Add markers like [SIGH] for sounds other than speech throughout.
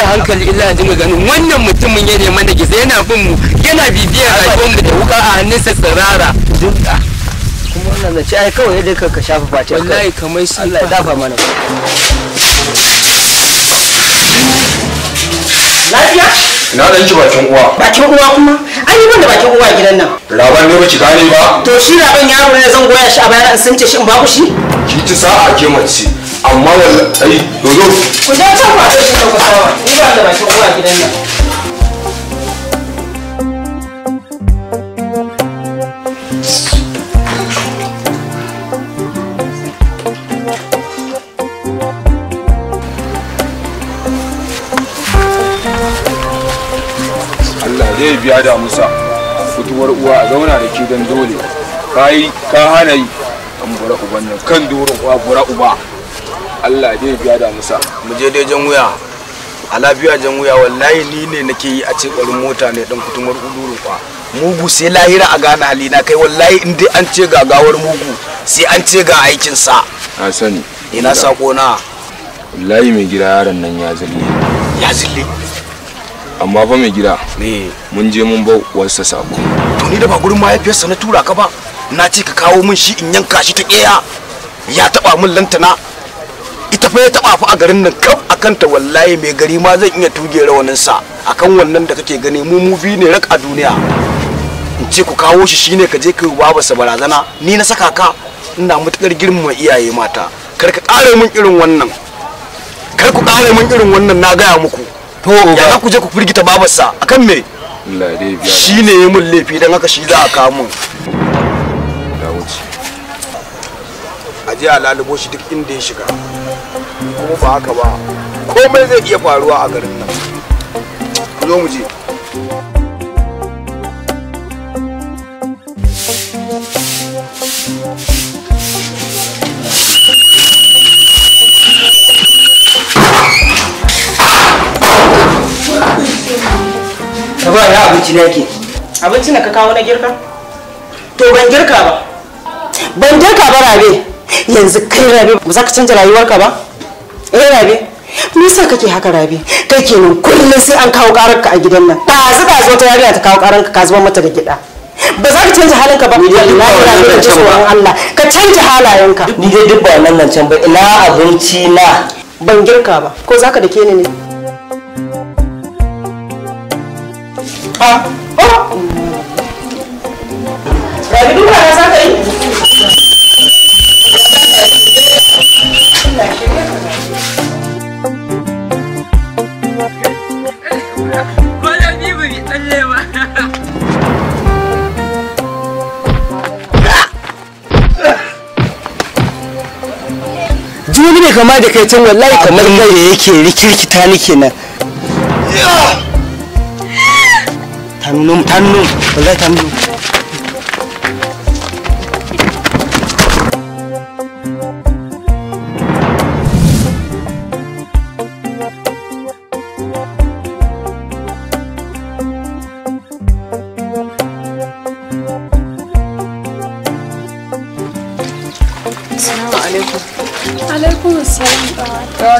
da hankali illa dinga ganin wannan mutumin ya neman da gizo yana bin mu yana bibiyar rayuwar mu da wuka a hannunsa tsirara dinka kuma wannan zance ai kawai yadda ka ka shafa face wallahi kamar shi Allah ya dafa mana lafiya ina da ji bakin uwa bakin uwa kuma an yi ban da bakin uwa gidan nan raban ne baki gane ba to shi raban yaro ne zan goya shi a bayan an sunce shi in ba ku shi ki ci sa'a ke mace amma wallahi dodo ku je ta ba ta shi ku sawa ni ba da bakin uwa gidan nan Allah zai biya da Musa fituwar uwa a zauna da ke don dole ka hana yi kan bura uban nan kan doron uwa bura uba Allah dai biya da musa mu je dai jan wuya a lafiya jan wuya wallahi ni ne nake yi a ce ƙwarin mota ne dan kutumar uduru kwa mugu sai lahira a gane halina kai wallahi in dai an ce ga gawar mugu sai an ce ga aikin sa a sani ina sako na wallahi mai gida yaron nan ya zille ya zille amma fa mai gida ne mun je mun bau wasu sako to ni da ba gurin mahaifiyarsa na tura ka ba na ce ka kawo min shi in yanka shi ta ƙeya ya taɓa min lantana ita fa ya taba fa a garin nan kam akan ta wallahi mai gari ma zan iya tuge rawanin sa akan wannan da kake gani mu mufi ne rak a duniya in ce ku kawo shi shine ka je kai babu sa barazana ni na saka ka ina matukar girmama iyaye mata kar ka kare min irin wannan kar ku kare mun irin wannan na gaya muku to ya ku je ku firgita babarsa akan me shine ya mun laifi don haka shi za a kawo mun je a lalubo shi duk inda ya shiga kuma ba haka ba komai zai iya faruwa a garin nan zo mu je Ka ba ya abinci na yake. Abinci na ka kawo na girka? To ban girka ba. Ban girka ba rabe. yanzu kai rabe ba za ka canza rayuwarka ba eh rabe me yasa kake haka rabe kai kenan kullum sai an kawo ka a gidan nan ba za ka zo ta yarinya ta kawo karanka ka zuba mata da gida ba za ka canza halinka ba dai ina da tsoron Allah ka canza halayenka ni dai duk ba nan nan can ba ina abinci na ban girka ba ko za ka dake ni ne ah ah. rabi duka na ka yi Malam Jini ne kama da kai can wallahi kamar kai da yake rikirkita ni kenan. wallahi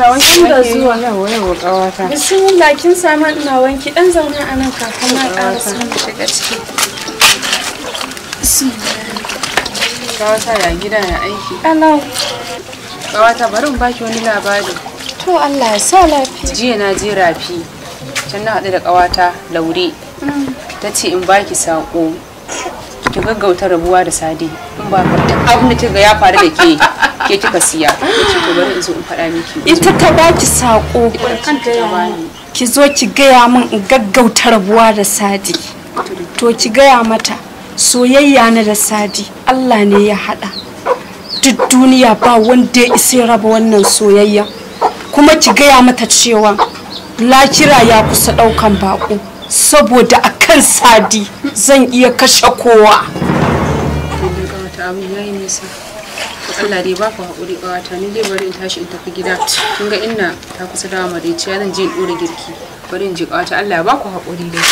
kawata wanki da zuwa yawa yawa kawata bismillah kin samu ina wanki dan zauna a nan kafin na ƙara sun shiga ciki kawata ya gida ya aiki alau kawata bari in baki wani labari to Allah ya sa lafiya jiya na je rafi can na haɗu da kawata laure mm. ta ce in baki saƙo ki gaggauta rabuwa da sadi in ba ka duk abin da kika ya faru da ke ke kika siya ki ko bari in zo in faɗa miki ita ta baki sako ki ta bani ki zo ki gaya min in gaggauta rabuwa da sadi to ki gaya mata soyayya na da sadi Allah ne ya haɗa duk duniya ba wanda ya isa raba wannan soyayya kuma ki gaya mata cewa lakira ya kusa ɗaukan baƙo saboda a kan sadi zan iya kashe kowa Allah dai baku haƙuri ƙawata ni dai bari in tashi in tafi gida kun ga inna ta kusa dawa madaiciya zan je in ɗora girki bari in je ƙawata Allah ya ku haƙuri dai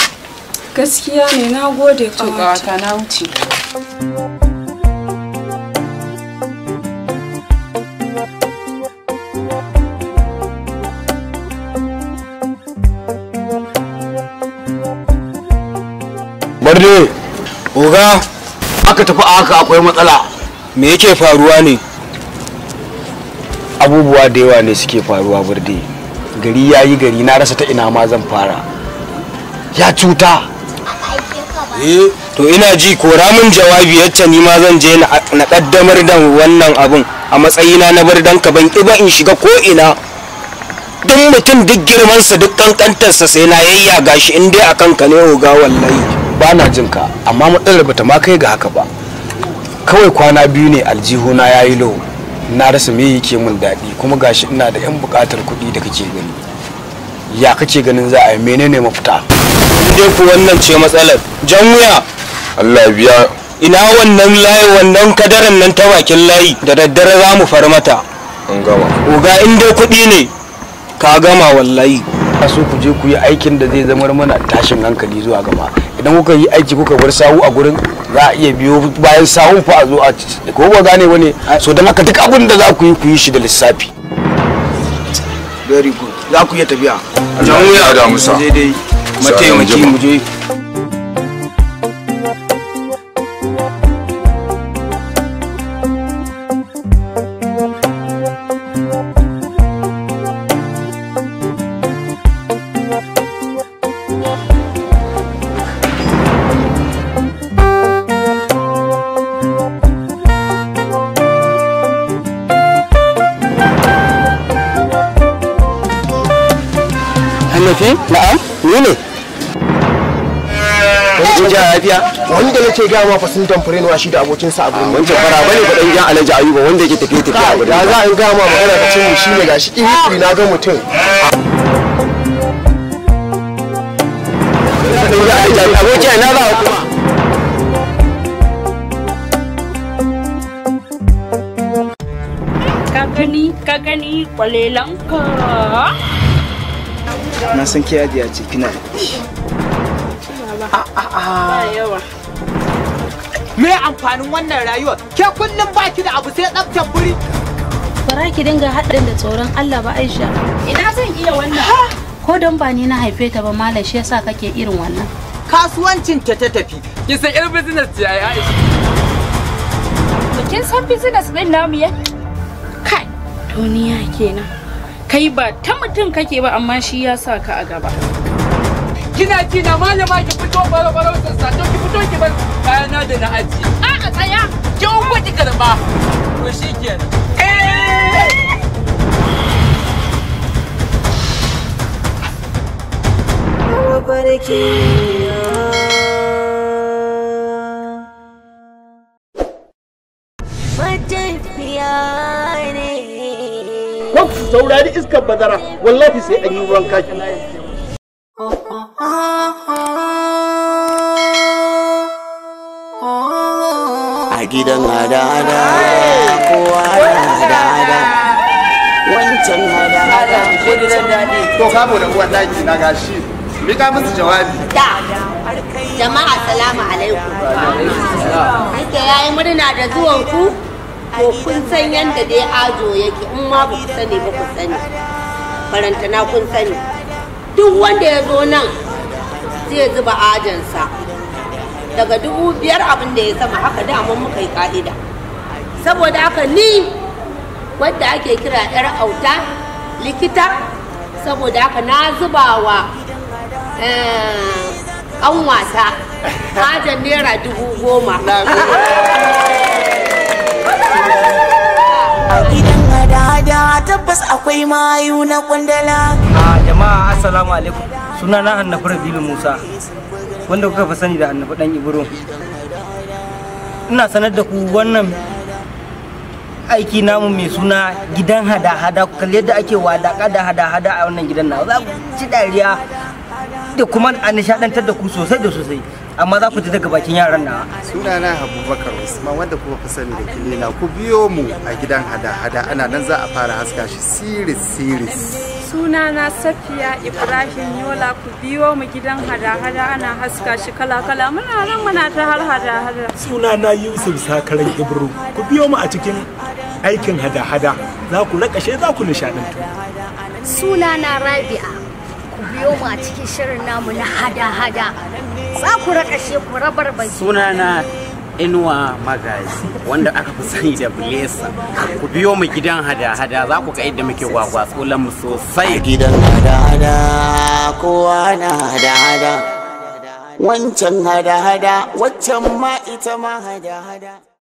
gaskiya ne na gode ƙawata na wuce barde oga aka tafi a haka akwai matsala me yake faruwa ne abubuwa da yawa ne suke faruwa barde gari ya yi gari na rasa ta ina ma zan fara ya cuta eh to ina ji kora min jawabi yacce ni ma zan je na kaddamar da wannan abun a matsayina na bar ka ban ƙi ba in shiga ko ina duk mutum duk girmansa duk kankantarsa sai na yayya gashi in dai akan ka ne oga wallahi ba na jin ka amma matsalar bata ma kai ga haka ba kawai kwana biyu ne aljihu na yayi low na rasa me yake min daɗi kuma gashi ina da 'yan buƙatar kuɗi da kake gani ya kake ganin za a yi menene mafita dai ku wannan ce matsalar jan wuya Allah biya ina wannan layi wannan kadaran nan ta bakin layi da daddare za mu far mata an gama uga in dai kuɗi ne ka gama wallahi a so ku je ku yi aikin da zai zama mana tashin hankali zuwa gaba idan kuka yi aiki kuka bar sawu a gurin za a iya biyo bayan sawun fa a zo a ko ba gane wani so dan haka duk abin da za ku yi ku yi shi da lissafi very good za ku iya tafiya jamu ya ga musa mataimaki mu je tallafi na'am ni ne kun ja lafiya wanda nake ga ma fasin tamfure ne shi da abokin sa abu wancan fara bane ba dan jan alhaji ayuba wanda yake tafiye tafiye a gurin da za a ga ma magana ka ce shi ne gashi iri eh, eh, na ga mutum abokin na ba kuma ka gani ka gani kwalelanka na san ke ajiya kina a a a me amfanin wannan rayuwa ke kullum baki da abu sai tsaftar buri bara ki dinga haɗin da tsoron Allah ba Aisha ina zan iya wannan ko don ba ni na haife ta ba malam shi yasa kake irin wannan kasuwancin ta ta tafi ki san irin business ta yayi Aisha kin san business din namu ya kai duniya kenan kai ba ta mutum kake ba amma shi ya sa ka a gaba kina kina malama ki fito baro baro ta sato ki fito ki bar kayana da na aji a a tsaya ki ungo ki karba to shikenan eh ko su saurari iskar bazara wallahi sai an yi ruwan kaki a gidan hada-hada kowa hada-hada wancan hada-hada ko kamo da uwan daki na gashi ka musu jawabi Da! jama'a salamu alaikum hanke yayi murna da zuwanku Ko kun san yadda dai ajo yake in ma ba ku sani ba ku sani barantana kun sani duk wanda ya zo nan zai zuba ajansa daga dubu biyar abin da ya sama haka dama muka yi ka'ida saboda haka ni wadda ake kira yar auta likita saboda haka na zuba wa eh, an wasa naira dubu goma [LAUGHS] tabbas akwai mayu na kwandala a ah, jama'a assalamu alaikum suna na annabi rabilu musa wanda kuka fi sani da annabi dan ibro ina sanar da ku wannan aiki namu mai suna gidan hada-hada kalli yadda ake wadaka da hada-hada a wannan gidan na za ku ci dariya da kuma a nishadantar da ku sosai da sosai amma za ku ji daga bakin yaran na sunana abubakar usman wanda kuma fi sani da kilina ku biyo mu a gidan hada-hada ana nan za a fara haska shi siris siris sunana safiya ibrahim yola ku biyo mu gidan hada-hada ana haska shi kala-kala muna nan muna ta har hada-hada sunana yusuf sakaran ibro ku biyo mu a cikin aikin hada-hada za ku rakashe za ku nishadantu sunana rabi biyo mu a cikin shirin namu na hada-hada za ku rakashe ku rabar bai sunana inuwa magazi wanda aka fi sani da blesa ku biyo mu gidan hada-hada za ku ga yadda muke gwagwa tsolan mu sosai gidan hada-hada kowa na hada-hada wancan hada-hada waccan ma ita ma hada-hada